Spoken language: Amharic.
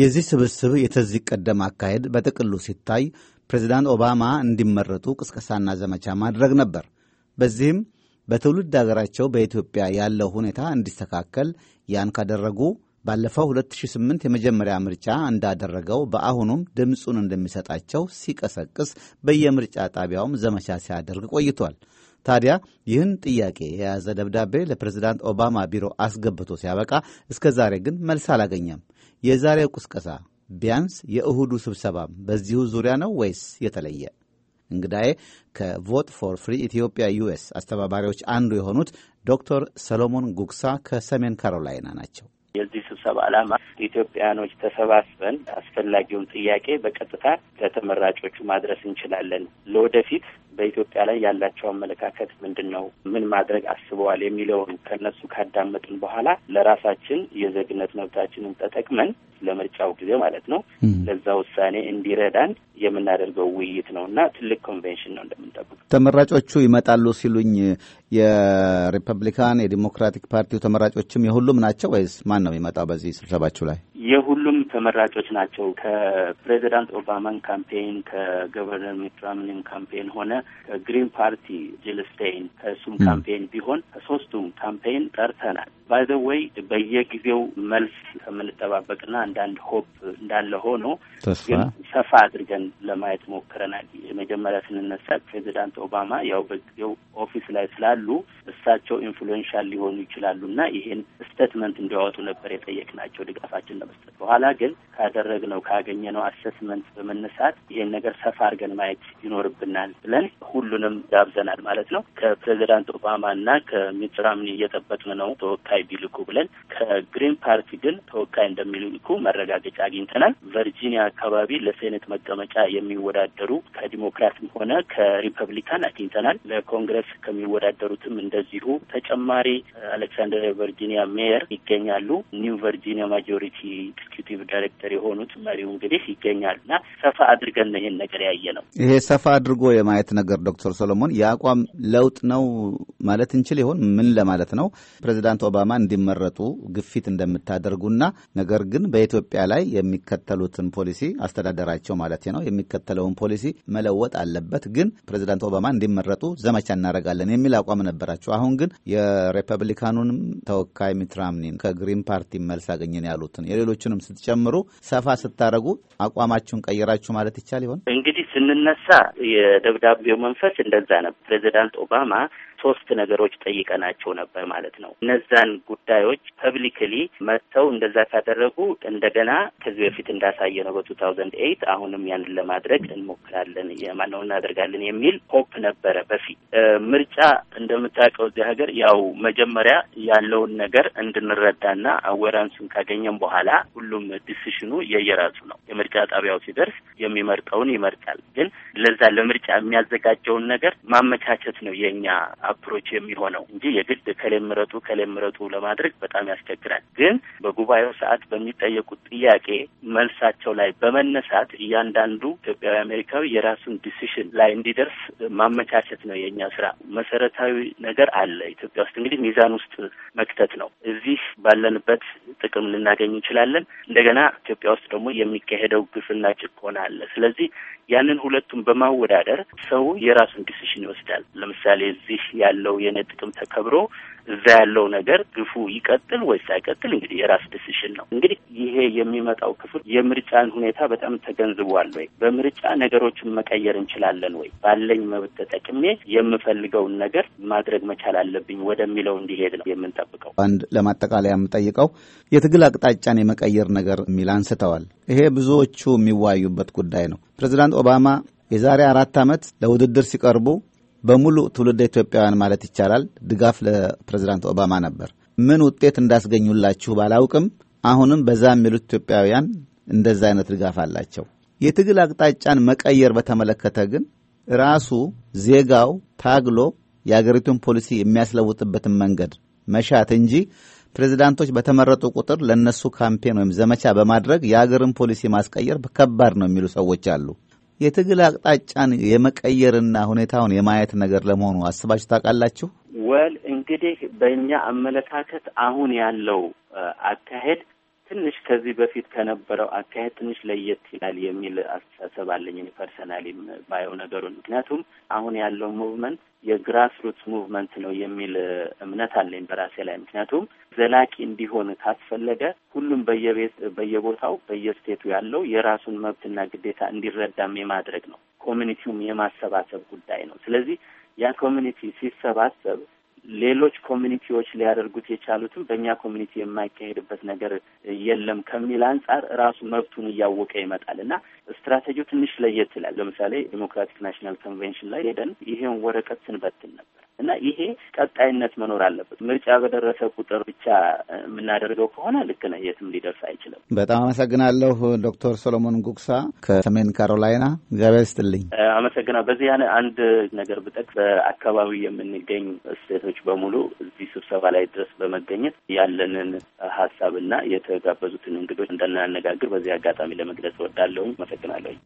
የዚህ ስብስብ የተዚህ ቀደም አካሄድ በጥቅሉ ሲታይ ፕሬዚዳንት ኦባማ እንዲመረጡ ቅስቀሳና ዘመቻ ማድረግ ነበር። በዚህም በትውልድ አገራቸው በኢትዮጵያ ያለው ሁኔታ እንዲስተካከል ያን ካደረጉ ባለፈው 2008 የመጀመሪያ ምርጫ እንዳደረገው በአሁኑም ድምፁን እንደሚሰጣቸው ሲቀሰቅስ በየምርጫ ጣቢያውም ዘመቻ ሲያደርግ ቆይቷል። ታዲያ ይህን ጥያቄ የያዘ ደብዳቤ ለፕሬዚዳንት ኦባማ ቢሮ አስገብቶ ሲያበቃ እስከ ዛሬ ግን መልስ አላገኘም። የዛሬው ቅስቀሳ ቢያንስ የእሁዱ ስብሰባም በዚሁ ዙሪያ ነው ወይስ የተለየ? እንግዳዬ ከቮት ፎር ፍሪ ኢትዮጵያ ዩኤስ አስተባባሪዎች አንዱ የሆኑት ዶክተር ሰሎሞን ጉግሳ ከሰሜን ካሮላይና ናቸው። የዚህ ስብሰባ ዓላማ ኢትዮጵያኖች ተሰባስበን አስፈላጊውን ጥያቄ በቀጥታ ለተመራጮቹ ማድረስ እንችላለን። ለወደፊት በኢትዮጵያ ላይ ያላቸው አመለካከት ምንድን ነው? ምን ማድረግ አስበዋል? የሚለውን ከነሱ ካዳመጥን በኋላ ለራሳችን የዜግነት መብታችንን ተጠቅመን ለምርጫው ጊዜ ማለት ነው ለዛ ውሳኔ እንዲረዳን የምናደርገው ውይይት ነው እና ትልቅ ኮንቬንሽን ነው እንደምንጠብቅ ተመራጮቹ ይመጣሉ ሲሉኝ የሪፐብሊካን የዲሞክራቲክ ፓርቲው ተመራጮችም የሁሉም ናቸው ወይስ ማን ነው የሚመጣው? በዚህ ስብሰባችሁ ላይ የሁሉም ተመራጮች ናቸው። ከፕሬዚዳንት ኦባማን ካምፔን ከገቨርነር ሚት ካምፔን ሆነ ከግሪን ፓርቲ ጂል ስቴይን ከእሱም ካምፔን ቢሆን ከሶስቱም ካምፔን ጠርተናል። ባይ ዘ ወይ በየጊዜው መልስ ከምንጠባበቅና አንዳንድ ሆፕ እንዳለ ሆኖ ሰፋ አድርገን ለማየት ሞክረናል። የመጀመሪያ ስንነሳ ፕሬዚዳንት ኦባማ ያው በጊዜው ኦፊስ ላይ ስላሉ እሳቸው ኢንፍሉዌንሻል ሊሆኑ ይችላሉ እና ይሄን ስቴትመንት እንዲያወጡ ነበር የጠየቅናቸው ድጋፋችን ለመስጠት። በኋላ ግን ካደረግነው ካገኘነው አሴስመንት በመነሳት ይሄን ነገር ሰፋ አድርገን ማየት ይኖርብናል ብለን ሁሉንም ጋብዘናል ማለት ነው። ከፕሬዚዳንት ኦባማ እና ከሚት ሮምኒ እየጠበቅን ነው ተወካይ ቢልኩ ብለን፣ ከግሪን ፓርቲ ግን ተወካይ እንደሚልኩ መረጋገጫ አግኝተናል። ቨርጂኒያ አካባቢ ለሴኔት መቀመጫ የሚወዳደሩ ከዲሞክራትም ሆነ ከሪፐብሊካን አግኝተናል። ለኮንግረስ ከሚወዳደሩትም እንደዚሁ ተጨማሪ አሌክሳንደር ቨርጂኒያ ሜየር ይገኛሉ። ኒው ቨርጂኒያ ማጆሪቲ ኤክስኪዩቲቭ ዳይሬክተር የሆኑት መሪው እንግዲህ ይገኛሉ እና ሰፋ አድርገን ነው ይሄን ነገር ያየ ነው። ይሄ ሰፋ አድርጎ የማየት ነገር ዶክተር ሶሎሞን የአቋም ለውጥ ነው ማለት እንችል ይሆን? ምን ለማለት ነው? ፕሬዚዳንት ኦባማ እንዲመረጡ ግፊት እንደምታደርጉና ነገር ግን በኢትዮጵያ ላይ የሚከተሉትን ፖሊሲ አስተዳደር ሀገራቸው ማለት ነው የሚከተለውን ፖሊሲ መለወጥ አለበት፣ ግን ፕሬዚዳንት ኦባማ እንዲመረጡ ዘመቻ እናደርጋለን የሚል አቋም ነበራቸው። አሁን ግን የሪፐብሊካኑንም ተወካይ ሚትራምኒን ከግሪን ፓርቲ መልስ አገኘን ያሉትን የሌሎችንም ስትጨምሩ ሰፋ ስታደረጉ አቋማችሁን ቀየራችሁ ማለት ይቻል ይሆን? እንግዲህ ስንነሳ የደብዳቤው መንፈስ እንደዛ ነው። ፕሬዚዳንት ኦባማ ሶስት ነገሮች ጠይቀናቸው ነበር ማለት ነው። እነዛን ጉዳዮች ፐብሊክሊ መጥተው እንደዛ ካደረጉ እንደገና ከዚህ በፊት እንዳሳየ ነው በቱ ታውዘንድ ኤይት አሁንም ያንን ለማድረግ እንሞክራለን የማነው እናደርጋለን የሚል ሆፕ ነበረ በፊት ምርጫ እንደምታውቀው እዚህ ሀገር ያው መጀመሪያ ያለውን ነገር እንድንረዳና አወራንሱን ካገኘም በኋላ ሁሉም ዲሲሽኑ የየራሱ ነው። የምርጫ ጣቢያው ሲደርስ የሚመርጠውን ይመርጣል። ግን ለዛ ለምርጫ የሚያዘጋጀውን ነገር ማመቻቸት ነው የእኛ አፕሮች የሚሆነው እንጂ የግድ ከሌም ምረጡ ምረጡ ለማድረግ በጣም ያስቸግራል። ግን በጉባኤው ሰዓት በሚጠየቁት ጥያቄ መልሳቸው ላይ በመነሳት እያንዳንዱ ኢትዮጵያዊ አሜሪካዊ የራሱን ዲሲሽን ላይ እንዲደርስ ማመቻቸት ነው የእኛ ስራ። መሰረታዊ ነገር አለ ኢትዮጵያ ውስጥ እንግዲህ ሚዛን ውስጥ መክተት ነው። እዚህ ባለንበት ጥቅም ልናገኝ እንችላለን። እንደገና ኢትዮጵያ ውስጥ ደግሞ የሚካሄደው ግፍና ጭቆና አለ። ስለዚህ ያንን ሁለቱም በማወዳደር ሰው የራሱን ዲሲሽን ይወስዳል። ለምሳሌ እዚህ ያለው የኔ ጥቅም ተከብሮ እዛ ያለው ነገር ግፉ ይቀጥል ወይስ አይቀጥል እንግዲህ የራስ ዲሲሽን ነው። እንግዲህ የሚመጣው ክፍል የምርጫን ሁኔታ በጣም ተገንዝቧል ወይ? በምርጫ ነገሮችን መቀየር እንችላለን ወይ? ባለኝ መብት ተጠቅሜ የምፈልገውን ነገር ማድረግ መቻል አለብኝ ወደሚለው እንዲሄድ ነው የምንጠብቀው። አንድ ለማጠቃለያ የምጠይቀው የትግል አቅጣጫን የመቀየር ነገር የሚል አንስተዋል። ይሄ ብዙዎቹ የሚዋዩበት ጉዳይ ነው። ፕሬዚዳንት ኦባማ የዛሬ አራት ዓመት ለውድድር ሲቀርቡ በሙሉ ትውልደ ኢትዮጵያውያን ማለት ይቻላል ድጋፍ ለፕሬዚዳንት ኦባማ ነበር። ምን ውጤት እንዳስገኙላችሁ ባላውቅም አሁንም በዛ የሚሉት ኢትዮጵያውያን እንደዛ አይነት ድጋፍ አላቸው። የትግል አቅጣጫን መቀየር በተመለከተ ግን ራሱ ዜጋው ታግሎ የአገሪቱን ፖሊሲ የሚያስለውጥበትን መንገድ መሻት እንጂ ፕሬዚዳንቶች በተመረጡ ቁጥር ለእነሱ ካምፔን ወይም ዘመቻ በማድረግ የአገርን ፖሊሲ ማስቀየር ከባድ ነው የሚሉ ሰዎች አሉ። የትግል አቅጣጫን የመቀየርና ሁኔታውን የማየት ነገር ለመሆኑ አስባችሁ ታውቃላችሁ? ወል እንግዲህ በእኛ አመለካከት አሁን ያለው አካሄድ ትንሽ ከዚህ በፊት ከነበረው አካሄድ ትንሽ ለየት ይላል የሚል አስተሳሰብ አለኝ ፐርሰናሊም ባየው ነገሩን። ምክንያቱም አሁን ያለው ሙቭመንት የግራስ ሩትስ ሙቭመንት ነው የሚል እምነት አለኝ በራሴ ላይ። ምክንያቱም ዘላቂ እንዲሆን ካስፈለገ ሁሉም በየቤት በየቦታው በየስቴቱ ያለው የራሱን መብትና ግዴታ እንዲረዳም የማድረግ ነው። ኮሚኒቲውም የማሰባሰብ ጉዳይ ነው። ስለዚህ ያ ኮሚኒቲ ሲሰባሰብ ሌሎች ኮሚኒቲዎች ሊያደርጉት የቻሉትም በእኛ ኮሚኒቲ የማይካሄድበት ነገር የለም ከሚል አንጻር ራሱ መብቱን እያወቀ ይመጣል እና ስትራቴጂው ትንሽ ለየት ይላል። ለምሳሌ ዲሞክራቲክ ናሽናል ኮንቬንሽን ላይ ሄደን ይሄን ወረቀት ስንበትን ነበር። እና ይሄ ቀጣይነት መኖር አለበት። ምርጫ በደረሰ ቁጥር ብቻ የምናደርገው ከሆነ ልክ ነህ፣ የትም ሊደርስ አይችልም። በጣም አመሰግናለሁ ዶክተር ሶሎሞን ጉግሳ ከሰሜን ካሮላይና። እግዚአብሔር ይስጥልኝ። አመሰግናለሁ። በዚህ ያነ አንድ ነገር ብጠቅስ በአካባቢ የምንገኝ ስቴቶች በሙሉ እዚህ ስብሰባ ላይ ድረስ በመገኘት ያለንን ሀሳብና የተጋበዙትን እንግዶች እንደናነጋግር በዚህ አጋጣሚ ለመግለጽ እወዳለሁኝ። አመሰግናለሁኝ።